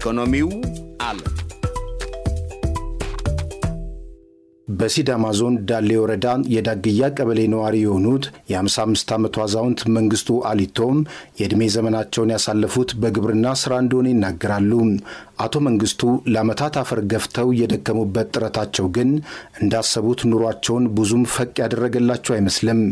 ኢኮኖሚው አለ። በሲዳማ ዞን ዳሌ ወረዳ የዳግያ ቀበሌ ነዋሪ የሆኑት የ55 ዓመቱ አዛውንት መንግስቱ አሊቶም የዕድሜ ዘመናቸውን ያሳለፉት በግብርና ስራ እንደሆነ ይናገራሉ። አቶ መንግስቱ ለአመታት አፈር ገፍተው የደከሙበት ጥረታቸው ግን እንዳሰቡት ኑሯቸውን ብዙም ፈቅ ያደረገላቸው አይመስልም።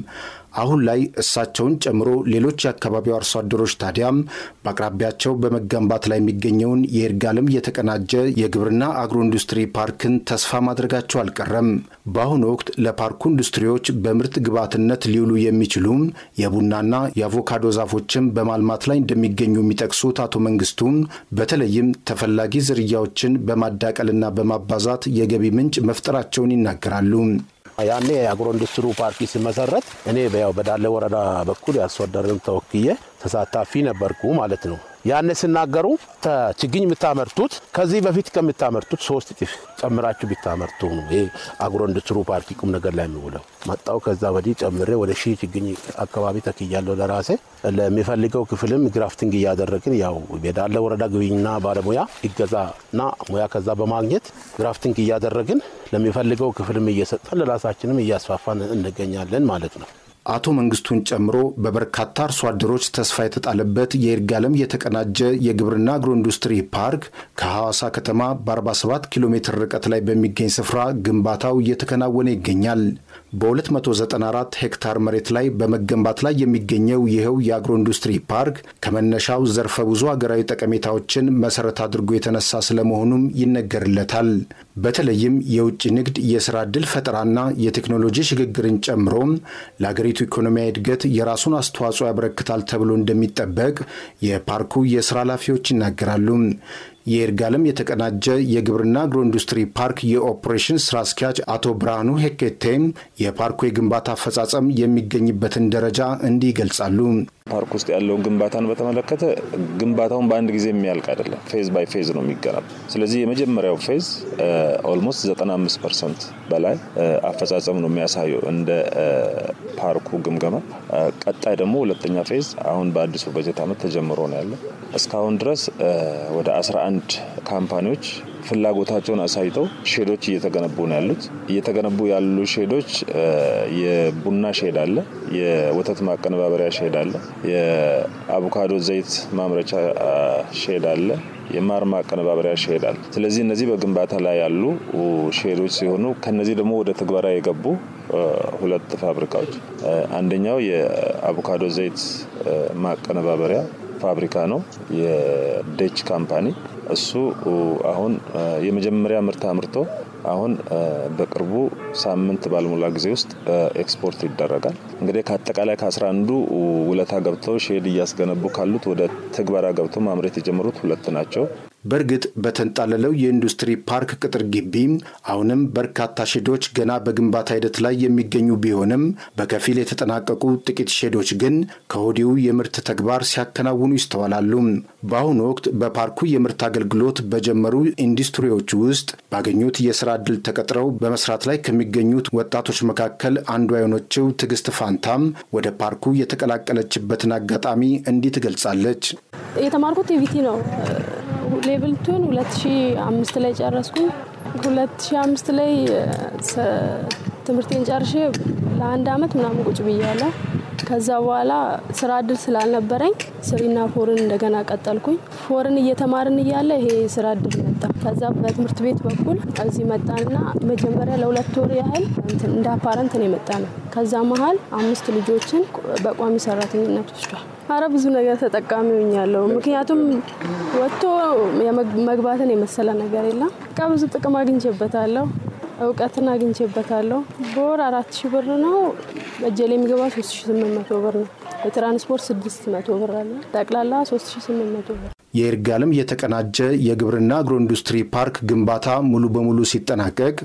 አሁን ላይ እሳቸውን ጨምሮ ሌሎች የአካባቢው አርሶ አደሮች ታዲያም በአቅራቢያቸው በመገንባት ላይ የሚገኘውን የይርጋለም የተቀናጀ የግብርና አግሮ ኢንዱስትሪ ፓርክን ተስፋ ማድረጋቸው አልቀረም። በአሁኑ ወቅት ለፓርኩ ኢንዱስትሪዎች በምርት ግብዓትነት ሊውሉ የሚችሉም የቡናና የአቮካዶ ዛፎችን በማልማት ላይ እንደሚገኙ የሚጠቅሱት አቶ መንግስቱም በተለይም ተፈላጊ ዝርያዎችን በማዳቀልና በማባዛት የገቢ ምንጭ መፍጠራቸውን ይናገራሉ። ያኔ የአግሮ ኢንዱስትሪ ፓርክ ሲመሰረት እኔ ያው በዳሌ ወረዳ በኩል ያርሶ አደርን ተወክዬ ተሳታፊ ነበርኩ ማለት ነው። ያኔ ስናገሩ ችግኝ የምታመርቱት ከዚህ በፊት ከምታመርቱት ሶስት እጥፍ ጨምራችሁ ብታመርቱ ነው ይሄ አግሮ ኢንዱስትሪ ፓርክ ቁም ነገር ላይ የሚውለው። መጣው ከዛ ወዲህ ጨምሬ ወደ ሺህ ችግኝ አካባቢ ተክያለሁ ለራሴ ለሚፈልገው ክፍልም ግራፍቲንግ እያደረግን ያው ቤዳለ ወረዳ ግብኝና ባለሙያ ይገዛና ሙያ ከዛ በማግኘት ግራፍቲንግ እያደረግን ለሚፈልገው ክፍልም እየሰጠን ለራሳችንም እያስፋፋን እንገኛለን ማለት ነው። አቶ መንግስቱን ጨምሮ በበርካታ አርሶ አደሮች ተስፋ የተጣለበት የይርጋለም የተቀናጀ የግብርና አግሮ ኢንዱስትሪ ፓርክ ከሐዋሳ ከተማ በ47 ኪሎ ሜትር ርቀት ላይ በሚገኝ ስፍራ ግንባታው እየተከናወነ ይገኛል። በ294 ሄክታር መሬት ላይ በመገንባት ላይ የሚገኘው ይኸው የአግሮ ኢንዱስትሪ ፓርክ ከመነሻው ዘርፈ ብዙ ሀገራዊ ጠቀሜታዎችን መሰረት አድርጎ የተነሳ ስለመሆኑም ይነገርለታል። በተለይም የውጭ ንግድ የስራ ዕድል ፈጠራና የቴክኖሎጂ ሽግግርን ጨምሮ ለአገሪቱ ኢኮኖሚያዊ እድገት የራሱን አስተዋጽኦ ያበረክታል ተብሎ እንደሚጠበቅ የፓርኩ የስራ ኃላፊዎች ይናገራሉ። የይርጋለም የተቀናጀ የግብርና አግሮ ኢንዱስትሪ ፓርክ የኦፕሬሽን ስራ አስኪያጅ አቶ ብርሃኑ ሄኬቴም የፓርኩ የግንባታ አፈጻጸም የሚገኝበትን ደረጃ እንዲህ ይገልጻሉ። ፓርክ ውስጥ ያለውን ግንባታን በተመለከተ ግንባታውን በአንድ ጊዜ የሚያልቅ አይደለም፣ ፌዝ ባይ ፌዝ ነው የሚገነብ። ስለዚህ የመጀመሪያው ፌዝ ኦልሞስት 95 ፐርሰንት በላይ አፈጻጸም ነው የሚያሳየው እንደ ፓርኩ ግምገማ። ቀጣይ ደግሞ ሁለተኛ ፌዝ አሁን በአዲሱ በጀት ዓመት ተጀምሮ ነው ያለ። እስካሁን ድረስ ወደ 11 አንዳንድ ካምፓኒዎች ፍላጎታቸውን አሳይተው ሼዶች እየተገነቡ ነው ያሉት። እየተገነቡ ያሉ ሼዶች የቡና ሼድ አለ፣ የወተት ማቀነባበሪያ ሼድ አለ፣ የአቮካዶ ዘይት ማምረቻ ሼድ አለ፣ የማር ማቀነባበሪያ ሼድ አለ። ስለዚህ እነዚህ በግንባታ ላይ ያሉ ሼዶች ሲሆኑ ከነዚህ ደግሞ ወደ ትግበራ የገቡ ሁለት ፋብሪካዎች አንደኛው የአቮካዶ ዘይት ማቀነባበሪያ ፋብሪካ ነው፣ የደች ካምፓኒ። እሱ አሁን የመጀመሪያ ምርት አምርቶ አሁን በቅርቡ ሳምንት ባልሞላ ጊዜ ውስጥ ኤክስፖርት ይደረጋል። እንግዲህ ከአጠቃላይ ከአስራ አንዱ ውለታ ገብተው ሼድ እያስገነቡ ካሉት ወደ ትግበራ ገብተው ማምረት የጀመሩት ሁለት ናቸው። በእርግጥ በተንጣለለው የኢንዱስትሪ ፓርክ ቅጥር ግቢ አሁንም በርካታ ሼዶች ገና በግንባታ ሂደት ላይ የሚገኙ ቢሆንም በከፊል የተጠናቀቁ ጥቂት ሼዶች ግን ከወዲሁ የምርት ተግባር ሲያከናውኑ ይስተዋላሉ። በአሁኑ ወቅት በፓርኩ የምርት አገልግሎት በጀመሩ ኢንዱስትሪዎች ውስጥ ባገኙት የስራ ዕድል ተቀጥረው በመስራት ላይ ከሚገኙት ወጣቶች መካከል አንዷ የሆነችው ትዕግስት ፋንታም ወደ ፓርኩ የተቀላቀለችበትን አጋጣሚ እንዲህ ትገልጻለች። የተማርኩት ቲቪቲ ነው ሌቭል ቱን ሁለት ሺ አምስት ላይ ጨረስኩ ሁለት ሺ አምስት ላይ ትምህርቴን ጨርሼ ለአንድ አመት ምናምን ቁጭ ብያለሁ። ከዛ በኋላ ስራ እድል ስላልነበረኝ ስሪና ፎርን እንደገና ቀጠልኩኝ። ፎርን እየተማርን እያለ ይሄ ስራ እድል መጣ። ከዛ በትምህርት ቤት በኩል እዚህ መጣንና መጀመሪያ ለሁለት ወር ያህል እንደ አፓረንት ነው የመጣ ነው። ከዛ መሀል አምስት ልጆችን በቋሚ ሰራተኝነት ወስዷል። አረ ብዙ ነገር ተጠቃሚ ሆኛለሁ። ምክንያቱም ወጥቶ መግባትን የመሰለ ነገር የለም። በቃ ብዙ ጥቅም አግኝቼበታለሁ፣ እውቀትን አግኝቼበታለሁ። በወር አራት ሺ ብር ነው እጄ የሚገባ ሶስት ሺ ስምንት መቶ ብር ነው። የትራንስፖርት ስድስት መቶ ብር አለ። ጠቅላላ ሶስት ሺ ስምንት መቶ ብር የይርጋለም የተቀናጀ የግብርና አግሮ ኢንዱስትሪ ፓርክ ግንባታ ሙሉ በሙሉ ሲጠናቀቅ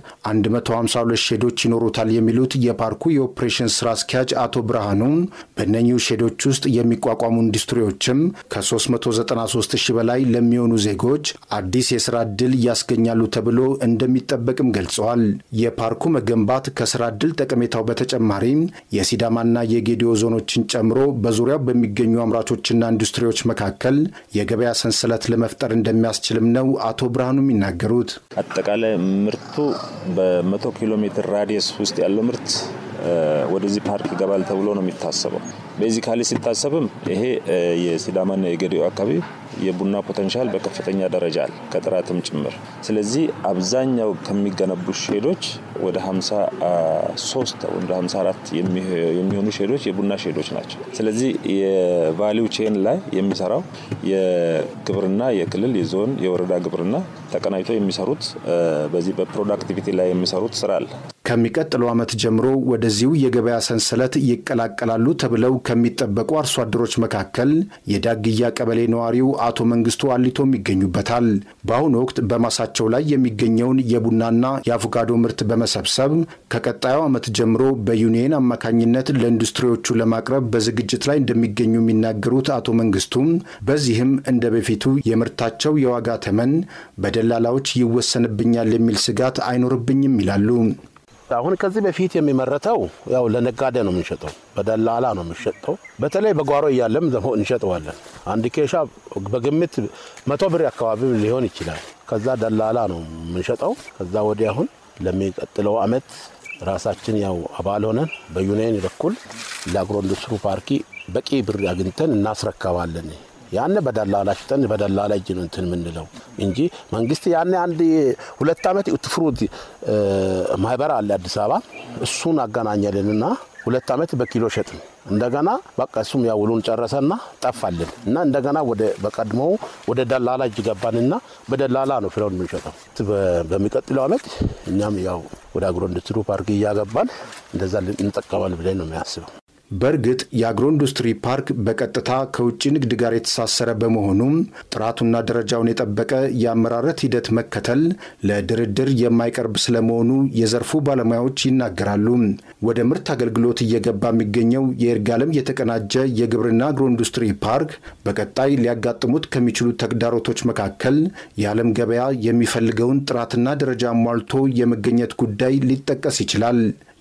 152 ሼዶች ይኖሩታል የሚሉት የፓርኩ የኦፕሬሽን ስራ አስኪያጅ አቶ ብርሃኑን በእነኚሁ ሼዶች ውስጥ የሚቋቋሙ ኢንዱስትሪዎችም ከ393 ሺህ በላይ ለሚሆኑ ዜጎች አዲስ የስራ ዕድል ያስገኛሉ ተብሎ እንደሚጠበቅም ገልጸዋል። የፓርኩ መገንባት ከስራ ዕድል ጠቀሜታው በተጨማሪም የሲዳማና የጌዲዮ ዞኖችን ጨምሮ በዙሪያው በሚገኙ አምራቾችና ኢንዱስትሪዎች መካከል የገበያ የገበያ ሰንሰለት ለመፍጠር እንደሚያስችልም ነው አቶ ብርሃኑ የሚናገሩት። አጠቃላይ ምርቱ በመቶ ኪሎ ሜትር ራዲየስ ውስጥ ያለው ምርት ወደዚህ ፓርክ ይገባል ተብሎ ነው የሚታሰበው። ቤዚካሊ ሲታሰብም ይሄ የሲዳማና የገዲዮ አካባቢ የቡና ፖቴንሻል በከፍተኛ ደረጃ አለ ከጥራትም ጭምር። ስለዚህ አብዛኛው ከሚገነቡ ሼዶች ወደ 53 ወደ 54 የሚሆኑ ሼዶች የቡና ሼዶች ናቸው። ስለዚህ የቫሊው ቼን ላይ የሚሰራው የግብርና የክልል የዞን የወረዳ ግብርና ተቀናጅቶ የሚሰሩት በዚህ በፕሮዳክቲቪቲ ላይ የሚሰሩት ስራ አለ። ከሚቀጥለው ዓመት ጀምሮ ወደዚሁ የገበያ ሰንሰለት ይቀላቀላሉ ተብለው ከሚጠበቁ አርሶ አደሮች መካከል የዳግያ ቀበሌ ነዋሪው አቶ መንግስቱ አሊቶም ይገኙበታል። በአሁኑ ወቅት በማሳቸው ላይ የሚገኘውን የቡናና የአቮካዶ ምርት በመሰብሰብ ከቀጣዩ ዓመት ጀምሮ በዩኒየን አማካኝነት ለኢንዱስትሪዎቹ ለማቅረብ በዝግጅት ላይ እንደሚገኙ የሚናገሩት አቶ መንግስቱም በዚህም እንደ በፊቱ የምርታቸው የዋጋ ተመን በደላላዎች ይወሰንብኛል የሚል ስጋት አይኖርብኝም ይላሉ። አሁን ከዚህ በፊት የሚመረተው ያው ለነጋዴ ነው የምንሸጠው፣ በደላላ ነው የምንሸጠው። በተለይ በጓሮ እያለም እንሸጠዋለን። አንድ ኬሻ በግምት መቶ ብር አካባቢ ሊሆን ይችላል። ከዛ ደላላ ነው የምንሸጠው። ከዛ ወዲህ አሁን ለሚቀጥለው አመት ራሳችን ያው አባል ሆነን በዩኒየን በኩል ለአግሮ ኢንዱስትሪ ፓርኪ በቂ ብር አግኝተን እናስረከባለን። ያን በደላላ ሽጠን በደላላ እጅ ነው እንትን የምንለው እንጂ መንግስት ያን አንድ ሁለት ዓመት ኢትፍሩት ማህበር አለ አዲስ አበባ እሱን አገናኘልንና ሁለት ዓመት በኪሎ ሸጥን። እንደገና በቃ እሱም ያው ውሉን ጨረሰና ጠፋልን እና እንደገና ወደ በቀድሞ ወደ ደላላ እጅ ገባንና በደላላ ነው ፍሬውን የምንሸጠው። በሚቀጥለው ዓመት እኛም ያው ወደ አግሮ ኢንዱስትሪ ፓርክ እያገባን እንደዛ እንጠቀማል ብለን ነው የሚያስበው። በእርግጥ የአግሮ ኢንዱስትሪ ፓርክ በቀጥታ ከውጭ ንግድ ጋር የተሳሰረ በመሆኑም ጥራቱና ደረጃውን የጠበቀ የአመራረት ሂደት መከተል ለድርድር የማይቀርብ ስለመሆኑ የዘርፉ ባለሙያዎች ይናገራሉ። ወደ ምርት አገልግሎት እየገባ የሚገኘው የይርጋለም የተቀናጀ የግብርና አግሮ ኢንዱስትሪ ፓርክ በቀጣይ ሊያጋጥሙት ከሚችሉ ተግዳሮቶች መካከል የዓለም ገበያ የሚፈልገውን ጥራትና ደረጃ ሟልቶ የመገኘት ጉዳይ ሊጠቀስ ይችላል።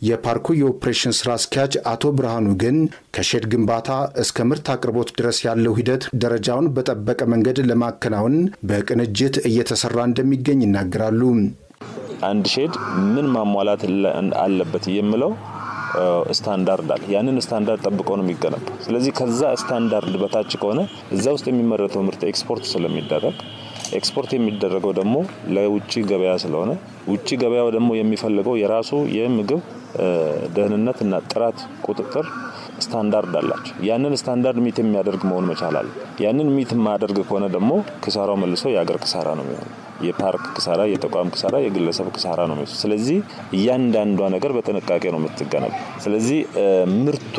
የፓርኩ የኦፕሬሽን ስራ አስኪያጅ አቶ ብርሃኑ ግን ከሼድ ግንባታ እስከ ምርት አቅርቦት ድረስ ያለው ሂደት ደረጃውን በጠበቀ መንገድ ለማከናወን በቅንጅት እየተሰራ እንደሚገኝ ይናገራሉ። አንድ ሼድ ምን ማሟላት አለበት የምለው ስታንዳርድ አለ። ያንን ስታንዳርድ ጠብቆ ነው የሚገነባ ስለዚህ ከዛ ስታንዳርድ በታች ከሆነ እዛ ውስጥ የሚመረተው ምርት ኤክስፖርት ስለሚደረግ ኤክስፖርት የሚደረገው ደግሞ ለውጭ ገበያ ስለሆነ ውጭ ገበያው ደግሞ የሚፈልገው የራሱ የምግብ ደህንነትና ጥራት ቁጥጥር ስታንዳርድ አላቸው። ያንን ስታንዳርድ ሚት የሚያደርግ መሆን መቻል አለ። ያንን ሚት የማያደርግ ከሆነ ደግሞ ክሳራው መልሶ የአገር ክሳራ ነው የሚሆነው። የፓርክ ክሳራ፣ የተቋም ክሳራ፣ የግለሰብ ክሳራ ነው ስለዚህ እያንዳንዷ ነገር በጥንቃቄ ነው የምትገነብ። ስለዚህ ምርቱ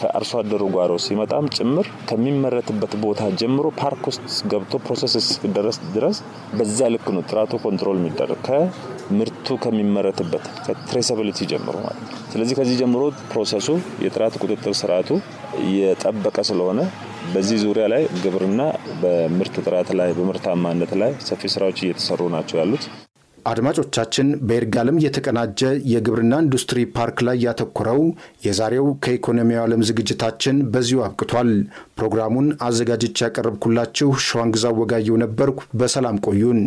ከአርሶ አደሩ ጓሮ ሲመጣም ጭምር ከሚመረትበት ቦታ ጀምሮ ፓርክ ውስጥ ገብቶ ፕሮሰስ እስኪደረስ ድረስ በዛ ልክ ነው ጥራቱ ኮንትሮል የሚደረግ ከምርቱ ከሚመረትበት ከትሬሳብሊቲ ጀምሮ ማለት ነው። ስለዚህ ከዚህ ጀምሮ ፕሮሰሱ የጥራት ቁጥጥር ስርዓቱ የጠበቀ ስለሆነ በዚህ ዙሪያ ላይ ግብርና በምርት ጥራት ላይ በምርታማነት ላይ ሰፊ ስራዎች እየተሰሩ ናቸው ያሉት። አድማጮቻችን በይርጋ ዓለም የተቀናጀ የግብርና ኢንዱስትሪ ፓርክ ላይ ያተኮረው የዛሬው ከኢኮኖሚያዊ ዓለም ዝግጅታችን በዚሁ አብቅቷል። ፕሮግራሙን አዘጋጅቼ ያቀረብኩላችሁ ሸዋንግዛ ወጋየው ነበርኩ። በሰላም ቆዩን።